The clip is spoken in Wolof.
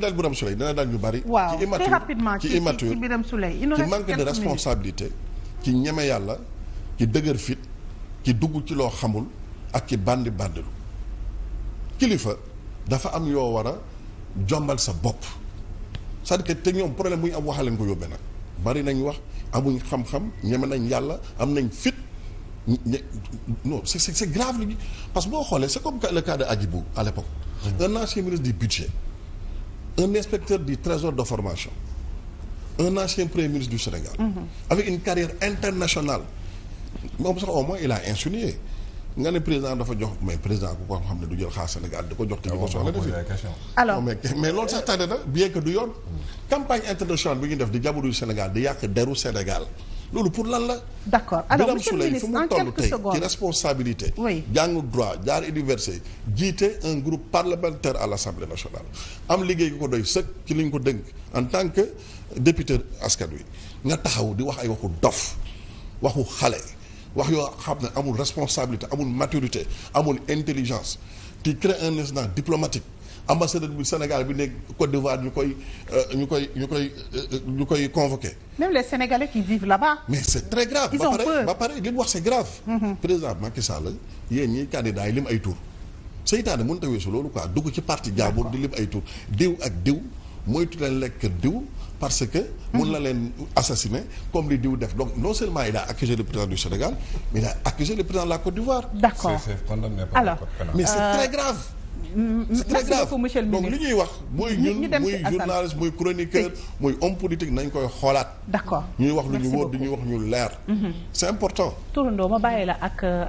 daal Birame Souleye dana daal ñu bari. ci immature ci immature ci manque de responsabilité ci ñeme yàlla ci dëgër fit ci dugg ci loo xamul ak ci bandi bandilu kilifa dafa am yoo war a jombal sa bopp cest à te ñoom problème bu am waxal leen ko yóbbee nag bari nañ wax amuñ xam-xam ñeme nañ yàlla am nañ fit non c'est c'est grave li parce que boo xoolee c'est comme le cas de à l'époque mm-hmm. un ancien ministre du budget un inspecteur du trésor de formation un ancien premier ministre du Sénégal mhm. avec une carrière internationale moom sax au moins il a insinué nga ne président dafa jox mais président ku ko xam ne du jël xaar Sénégal di ko jox te di ko ah soxla defi alors mais mais loolu sax tane na bien que du yoon mm. campagne internationale bi ñu def di jabaru Sénégal di yàq deru Sénégal loolu pour lan la. d' accord alors monsieur le ministre en quelques secondes ci responsabilité. oui jàng droit jaar université jiite un groupe parlementaire à l' assemblée nationale. am liggéey ko doy sëkk ci li ñu ko dënk en tant que député askan wi nga taxaw di wax ay waxu dof waxu xale wax yoo xam ne amul responsabilité amul maturité amul intelligence ti crée un incident diplomatique. ambassadeur bu Sénégal bi nekk Côte d'Ivoire ñu koy euh, ñu koy ñu koy euh, ñu koy convoqué. même les Sénégalais qui vivent là-bas. mais c' est très grave. ba pare ba pare li mu wax c' est grave. Mm-hmm. président Macky Sall yéen ñii candidats yi lim ay tur. seytaane mënut a weesu loolu quoi dugg ci parti jaabur di lim ay tur diw ak diw moytu leen lekk diw. parce que mun na mm-hmm. leen assassiner comme li diw def donc non seulement il a accusé le président du Sénégal mais il a accusé le président c'est très grave donc li ñuy wax muy ñun muy journaliste muy chroniqueur muy homme politique nañ koy xoolaat d'accord ñuy wax lu ñu wóor di ñuy wax ñu leer mhm. c'est important turandoo ma bàyyi la ak euh,